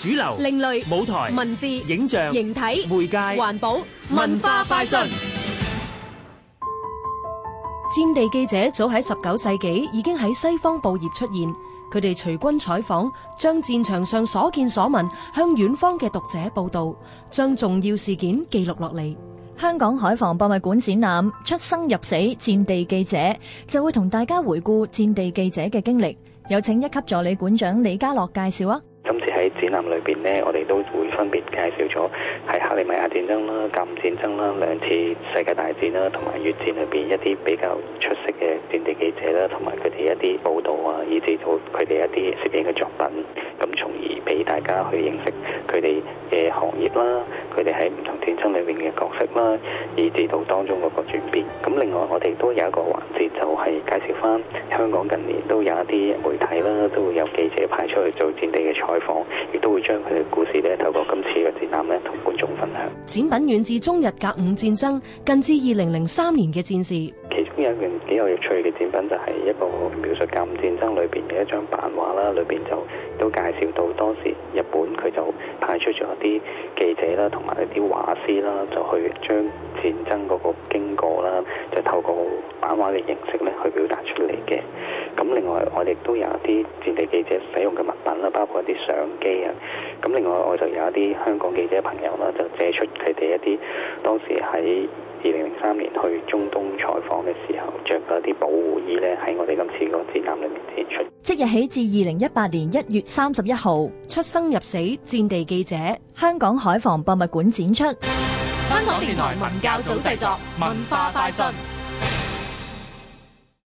主流、另類、舞台、文字、影像、形體、媒介、環保、文化快訊。戰地記者早喺十九世紀已經喺西方報業出現，佢哋隨軍採訪，將戰場上所見所聞向遠方嘅讀者報道，將重要事件記錄落嚟。香港海防博物館展覽《出生入死：戰地記者》，就會同大家回顧戰地記者嘅經歷。有請一級助理館長李家樂介紹啊！喺展覽裏邊呢，我哋都會分別介紹咗喺克里米亞戰爭啦、甲午戰爭啦、兩次世界大戰啦，同埋越戰裏邊一啲比較出色嘅戰地記者啦，同埋佢哋一啲報導啊，以至到佢哋一啲攝影嘅作品，咁從而俾大家去認識佢哋嘅行業啦，佢哋喺唔同戰爭裏面嘅角色啦，以至到當中嗰個轉變。咁另外，我哋都有一個環節，就係介紹返香港近年都有一啲媒體啦。去做戰地嘅採訪，亦都會將佢哋故事咧，透過今次嘅展覽咧，同觀眾分享。展品遠至中日甲午戰爭，近至二零零三年嘅戰事。其中有一件幾有趣嘅展品，就係一個描述甲午戰爭裏邊嘅一張版畫啦，裏邊就都介紹到當時日本佢就派出咗一啲記者啦，同埋一啲畫師啦，就去將戰爭嗰個經過啦，就透過版畫嘅形式咧，去表達出嚟嘅。咁另外，我哋都有啲戰地記者使用嘅物品啦，包括一啲相機啊。咁另外，我就有一啲香港記者朋友啦，就借出佢哋一啲當時喺二零零三年去中東採訪嘅時候着嘅啲保護衣呢，喺我哋今次個展覽裏面展出。即日起至二零一八年一月三十一號，出生入死，戰地記者，香港海防博物館展出。香港電台文教組製作，文教組製作，文化快信，快信。